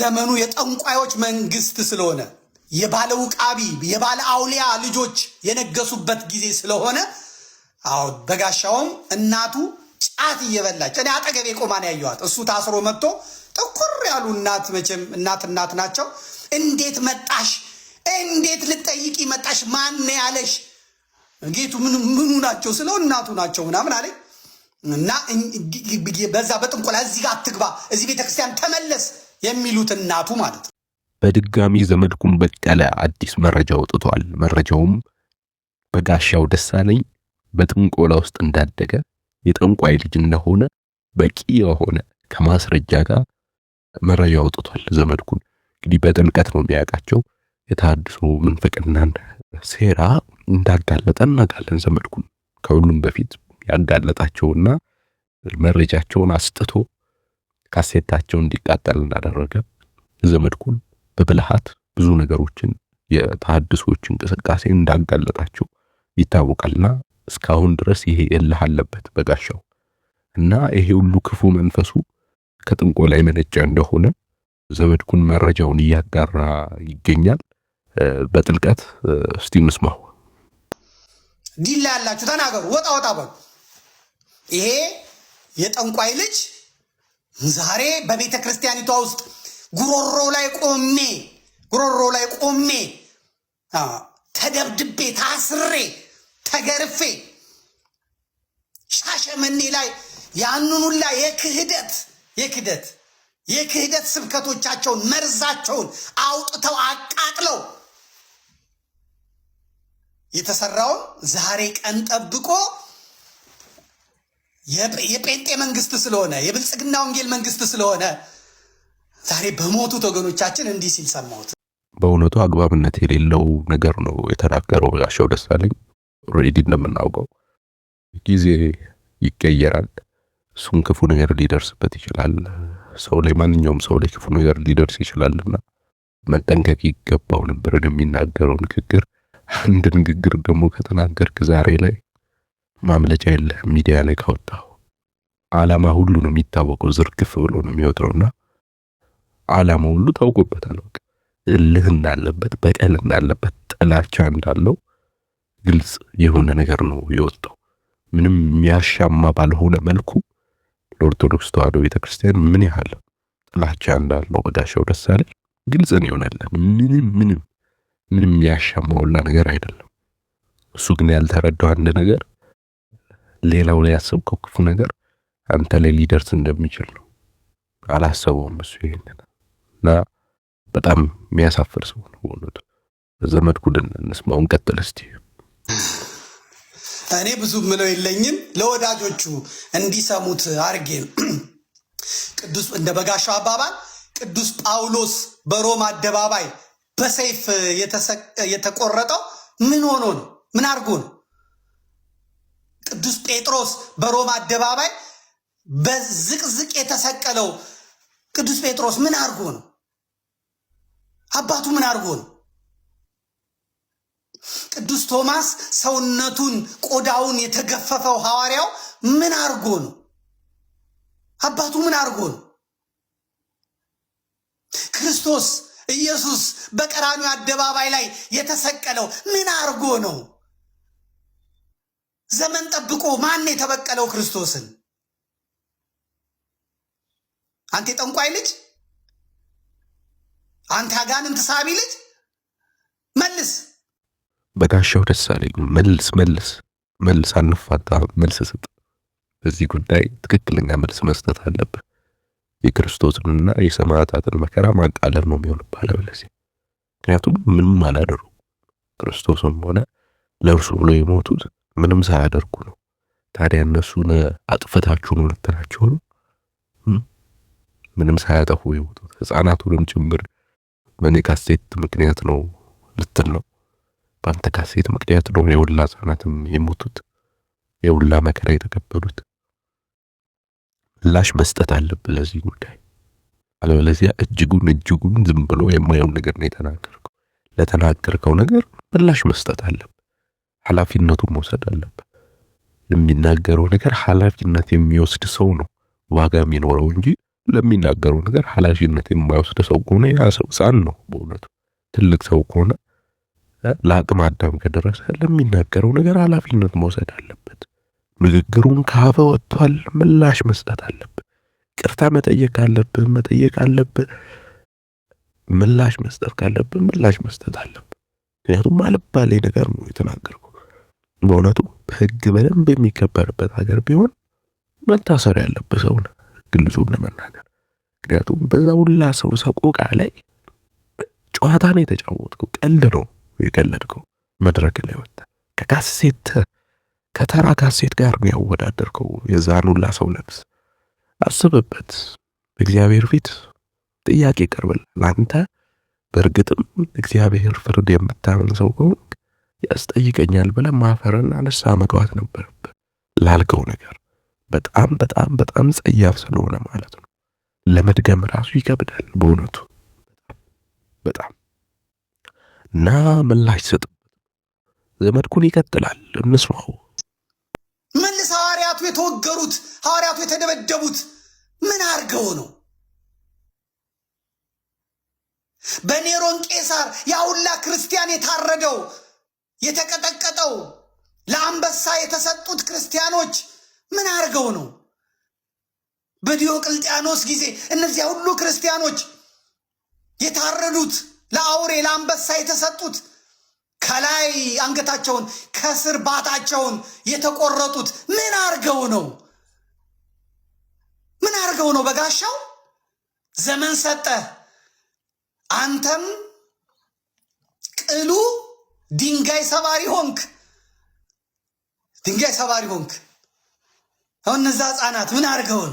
ዘመኑ የጠንቋዮች መንግስት ስለሆነ የባለ ውቃቢ የባለ አውሊያ ልጆች የነገሱበት ጊዜ ስለሆነ አዎ በጋሻውም እናቱ ጫት እየበላች እኔ አጠገቤ ቆማን ያየዋት እሱ ታስሮ መጥቶ ጥቁር ያሉ እናት መቼም እናት እናት ናቸው። እንዴት መጣሽ? እንዴት ልጠይቂ መጣሽ? ማን ያለሽ? ጌቱ ምኑ ናቸው ስለው እናቱ ናቸው ምናምን አለኝ። እና በዛ በጥንቆላ እዚህ ጋር አትግባ፣ እዚህ ቤተክርስቲያን ተመለስ የሚሉት እናቱ ማለት ነው። በድጋሚ ዘመድኩን በቀለ አዲስ መረጃ ወጥቷል። መረጃውም በጋሻው ደሳለኝ በጥንቆላ ውስጥ እንዳደገ የጠንቋይ ልጅ እንደሆነ በቂ የሆነ ከማስረጃ ጋር መረጃ አውጥቷል። ዘመድኩን እንግዲህ በጥልቀት ነው የሚያውቃቸው። የተሃድሶ ምንፍቅናን ሴራ እንዳጋለጠ እናውቃለን። ዘመድኩን ከሁሉም በፊት ያጋለጣቸውና መረጃቸውን አስጥቶ ካሴታቸው እንዲቃጠል እንዳደረገ ዘመድኩን በብልሃት ብዙ ነገሮችን የተሐድሶች እንቅስቃሴ እንዳጋለጣቸው ይታወቃልና እስካሁን ድረስ ይሄ እልህ አለበት በጋሻው እና ይሄ ሁሉ ክፉ መንፈሱ ላይ መነጫ እንደሆነ ዘመድኩን መረጃውን እያጋራ ይገኛል። በጥልቀት እስቲ እንስማው። ዲላ ያላችሁ ተናገሩ፣ ወጣ ወጣ በሉ። ይሄ የጠንቋይ ልጅ ዛሬ በቤተ ክርስቲያኒቷ ውስጥ ጉሮሮ ላይ ቆሜ ጉሮሮ ላይ ቆሜ ተደብድቤ ታስሬ ተገርፌ ሻሸመኔ ላይ ያንኑላ የክህደት የክህደት የክህደት ስብከቶቻቸውን መርዛቸውን አውጥተው አቃጥለው የተሰራውን ዛሬ ቀን ጠብቆ የጴንጤ መንግስት ስለሆነ የብልጽግና ወንጌል መንግስት ስለሆነ ዛሬ በሞቱት ወገኖቻችን እንዲህ ሲል ሰማሁት። በእውነቱ አግባብነት የሌለው ነገር ነው የተናገረው በጋሻው ደሳለኝ። ኦልሬዲ እንደምናውቀው ጊዜ ይቀየራል። እሱም ክፉ ነገር ሊደርስበት ይችላል። ሰው ላይ ማንኛውም ሰው ላይ ክፉ ነገር ሊደርስ ይችላልና መጠንቀቅ ይገባው ነበር የሚናገረው ንግግር። አንድ ንግግር ደግሞ ከተናገርክ ዛሬ ላይ ማምለጫ የለ ሚዲያ ላይ ካወጣው አላማ ሁሉ ነው የሚታወቀው። ዝርግፍ ብሎ ነው የሚወጣውና አላማ ሁሉ ታውቆበታል። በቃ እልህ እንዳለበት፣ በቀል እንዳለበት፣ ጥላቻ እንዳለው ግልጽ የሆነ ነገር ነው የወጣው። ምንም የሚያሻማ ባልሆነ መልኩ ለኦርቶዶክስ ተዋህዶ ቤተክርስቲያን ምን ያህል ጥላቻ እንዳለው ወዳሻው ደሳለ ግልጽ ነው ይሆናለን። ምንም ምንም ምንም የሚያሻማውላ ነገር አይደለም። እሱ ግን ያልተረዳው አንድ ነገር ሌላው ላይ ያሰብከው ክፉ ነገር አንተ ላይ ሊደርስ እንደሚችል ነው። አላሰበውም እሱ ይሄን እና በጣም የሚያሳፍር ሰው ነው በእውነቱ። በዘመድ ጉድን እንስማውን ቀጥል እስቲ። እኔ ብዙ ምለው የለኝም ለወዳጆቹ እንዲሰሙት አርጌ ቅዱስ እንደ በጋሻው አባባል ቅዱስ ጳውሎስ በሮም አደባባይ በሰይፍ የተቆረጠው ምን ሆኖ ነው? ምን አርጎ ነው? ቅዱስ ጴጥሮስ በሮማ አደባባይ በዝቅዝቅ የተሰቀለው ቅዱስ ጴጥሮስ ምን አድርጎ ነው? አባቱ ምን አድርጎ ነው? ቅዱስ ቶማስ ሰውነቱን ቆዳውን የተገፈፈው ሐዋርያው ምን አድርጎ ነው? አባቱ ምን አድርጎ ነው? ክርስቶስ ኢየሱስ በቀራንዮ አደባባይ ላይ የተሰቀለው ምን አድርጎ ነው? ዘመን ጠብቆ ማን የተበቀለው ክርስቶስን? አንተ የጠንቋይ ልጅ፣ አንተ አጋንንት ሳቢ ልጅ መልስ። በጋሻው ደሳለኝ መልስ፣ መልስ፣ መልስ፣ አንፋታ፣ መልስ ስጥ። በዚህ ጉዳይ ትክክለኛ መልስ መስጠት አለብህ። የክርስቶስንና የሰማዕታትን መከራ ማቃለል ነው የሚሆንብህ፣ አለበለዚያ ምክንያቱም ምንም አላደረጉ ክርስቶስም ሆነ ለእርሱ ብሎ የሞቱት ምንም ሳያደርጉ ነው። ታዲያ እነሱን አጥፍታችሁ ነው ልትላቸው ነው? ምንም ሳያጠፉ የወጡት ህፃናቱንም ጭምር በእኔ ካሴት ምክንያት ነው ልትል ነው። በአንተ ካሴት ምክንያት ነው የሁላ ህጻናትም የሞቱት የሁላ መከራ የተቀበሉት። ምላሽ መስጠት አለብህ ለዚህ ጉዳይ። አለበለዚያ እጅጉን እጅጉን ዝም ብሎ የማየውን ነገር ነው የተናገርከው። ለተናገርከው ነገር ምላሽ መስጠት አለብህ። ኃላፊነቱን መውሰድ አለበት። ለሚናገረው ነገር ኃላፊነት የሚወስድ ሰው ነው ዋጋ የሚኖረው እንጂ ለሚናገረው ነገር ኃላፊነት የማይወስድ ሰው ከሆነ ያ ሰው ሕፃን ነው። በእውነቱ ትልቅ ሰው ከሆነ ለአቅመ አዳም ከደረሰ ለሚናገረው ነገር ኃላፊነት መውሰድ አለበት። ንግግሩን ካፈ ወጥቷል፣ ምላሽ መስጠት አለበት። ቅርታ መጠየቅ አለብህ መጠየቅ አለብህ። ምላሽ መስጠት ካለብህ ምላሽ መስጠት አለብህ። ምክንያቱም አልባሌ ነገር ነው የተናገርኩ በእውነቱ ህግ በደንብ የሚከበርበት ሀገር ቢሆን መታሰር ያለበት ሰው ነው፣ ግልጹን ለመናገር ምክንያቱም በዛ ሁላ ሰው ሰቆቃ ላይ ጨዋታ ነው የተጫወትከው፣ ቀልድ ነው የቀለድከው። መድረክ ላይ ወጣ ከካሴት ከተራ ካሴት ጋር ነው ያወዳደርከው። የዛን ሁላ ሰው ለብስ። አስብበት። በእግዚአብሔር ፊት ጥያቄ ቀርበል። አንተ በእርግጥም እግዚአብሔር ፍርድ የምታምን ሰው ከሆንክ ያስጠይቀኛል ብለ ማፈርና አነሳ መግባት ነበረብህ። ላልከው ነገር በጣም በጣም በጣም ጸያፍ ስለሆነ ማለት ነው። ለመድገም ራሱ ይከብዳል በእውነቱ በጣም እና ምላሽ ሰጥበት። ዘመድኩን ይቀጥላል። እንስማው። መልስ ሐዋርያቱ የተወገሩት ሐዋርያቱ የተደበደቡት ምን አድርገው ነው? በኔሮን ቄሳር ያ ሁላ ክርስቲያን የታረደው የተቀጠቀጠው ለአንበሳ የተሰጡት ክርስቲያኖች ምን አድርገው ነው? በዲዮቅልጥያኖስ ጊዜ እነዚያ ሁሉ ክርስቲያኖች የታረዱት ለአውሬ ለአንበሳ የተሰጡት ከላይ አንገታቸውን ከስር ባታቸውን የተቆረጡት ምን አርገው ነው? ምን አርገው ነው? በጋሻው ዘመን ሰጠ አንተም ቅሉ ድንጋይ ሰባሪ ሆንክ፣ ድንጋይ ሰባሪ ሆንክ። አሁን እነዛ ህፃናት ምን አድርገውን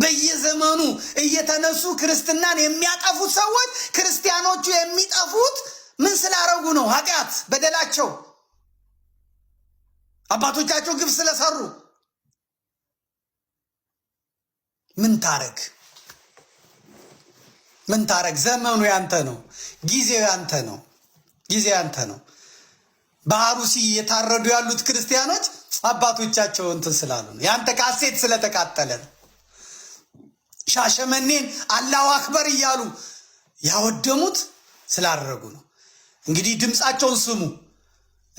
በየዘመኑ እየተነሱ ክርስትናን የሚያጠፉት ሰዎች ክርስቲያኖቹ የሚጠፉት ምን ስላረጉ ነው? ኃጢአት በደላቸው፣ አባቶቻቸው ግብ ስለሰሩ ምን ታረግ ምን ታረግ? ዘመኑ ያንተ ነው፣ ጊዜው ያንተ ነው፣ ጊዜ ያንተ ነው። በአሩሲ የታረዱ ያሉት ክርስቲያኖች አባቶቻቸው እንትን ስላሉ ነው። ያንተ ካሴት ስለተቃጠለ ነው። ሻሸመኔን አላሁ አክበር እያሉ ያወደሙት ስላደረጉ ነው። እንግዲህ ድምፃቸውን ስሙ።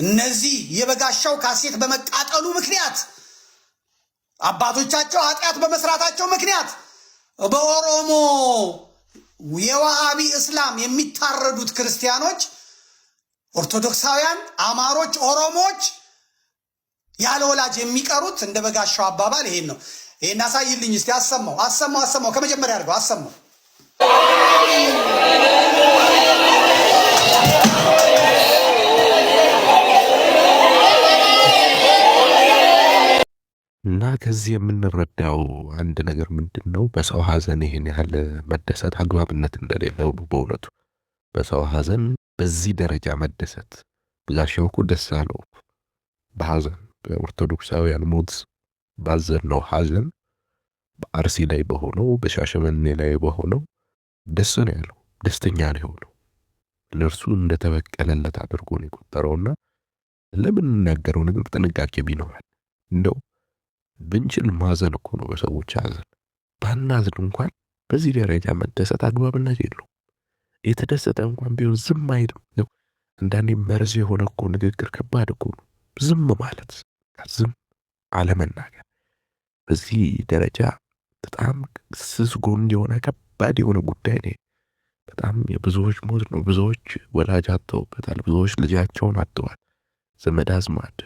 እነዚህ የበጋሻው ካሴት በመቃጠሉ ምክንያት አባቶቻቸው ኃጢአት በመስራታቸው ምክንያት በኦሮሞ የዋሃቢ እስላም የሚታረዱት ክርስቲያኖች፣ ኦርቶዶክሳውያን፣ አማሮች፣ ኦሮሞዎች ያለ ወላጅ የሚቀሩት እንደ በጋሻው አባባል ይሄን ነው። ይሄን አሳይልኝ እስቲ። አሰማው አሰማው አሰማው ከመጀመሪያ አድርገው አሰማው እና ከዚህ የምንረዳው አንድ ነገር ምንድነው? በሰው ሀዘን ይሄን ያህል መደሰት አግባብነት እንደሌለው በእውነቱ በሰው ሀዘን በዚህ ደረጃ መደሰት ጋሻው እኮ ደስ አለው። በሀዘን በኦርቶዶክሳውያን ሞት ነው ሀዘን በአርሲ ላይ በሆነው በሻሸመኔ ላይ በሆነው ደስ ነው ያለው፣ ደስተኛ ነው የሆነው። ለእርሱ እንደተበቀለለት አድርጎ ነው የቆጠረውና ለምንናገረው ነገር ጥንቃቄ ቢኖራል እንደው ብንችል ማዘን እኮ ነው በሰዎች ሐዘን። ባናዝን እንኳን በዚህ ደረጃ መደሰት አግባብነት የለውም። የተደሰተ እንኳን ቢሆን ዝም አይልም። አንዳንዴ መርዝ የሆነ እኮ ንግግር ከባድ እኮ ነው። ዝም ማለት ዝም አለመናገር በዚህ ደረጃ በጣም ስስ ጎን የሆነ ከባድ የሆነ ጉዳይ ነው። በጣም የብዙዎች ሞት ነው። ብዙዎች ወላጅ አጥተውበታል። ብዙዎች ልጃቸውን አጥተዋል። ዘመድ አዝማድ፣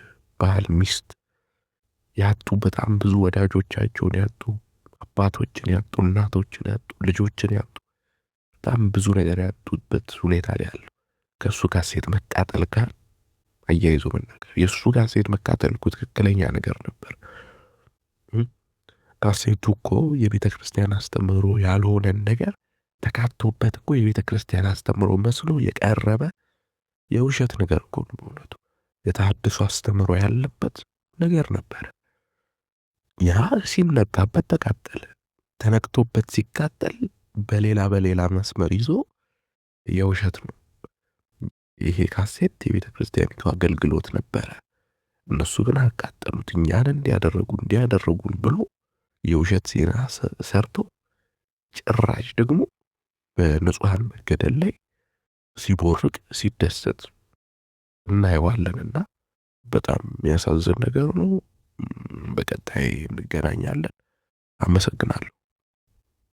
ባል፣ ሚስት ያጡ በጣም ብዙ ወዳጆቻቸውን ያጡ አባቶችን ያጡ እናቶችን ያጡ ልጆችን ያጡ በጣም ብዙ ነገር ያጡበት ሁኔታ ላይ ያለው ከእሱ ካሴት መቃጠል ጋር አያይዞ መናገር የእሱ ካሴት መቃጠል እኮ ትክክለኛ ነገር ነበር። ካሴቱ እኮ የቤተ ክርስቲያን አስተምሮ ያልሆነን ነገር ተካቶበት እኮ የቤተ ክርስቲያን አስተምሮ መስሎ የቀረበ የውሸት ነገር እኮ በእውነቱ የተሐድሶ አስተምሮ ያለበት ነገር ነበረ። ያ ሲነካበት ተቃጠለ። ተነክቶበት ሲቃጠል በሌላ በሌላ መስመር ይዞ የውሸት ነው ይሄ ካሴት የቤተ ክርስቲያኒቱ አገልግሎት ነበረ። እነሱ ግን አቃጠሉት። እኛን እንዲያደረጉ እንዲያደረጉን ብሎ የውሸት ዜና ሰርቶ ጭራሽ ደግሞ በንጹሐን መገደል ላይ ሲቦርቅ ሲደሰት እናየዋለንና በጣም የሚያሳዝን ነገር ነው። በቀጣይ እንገናኛለን። አመሰግናለሁ።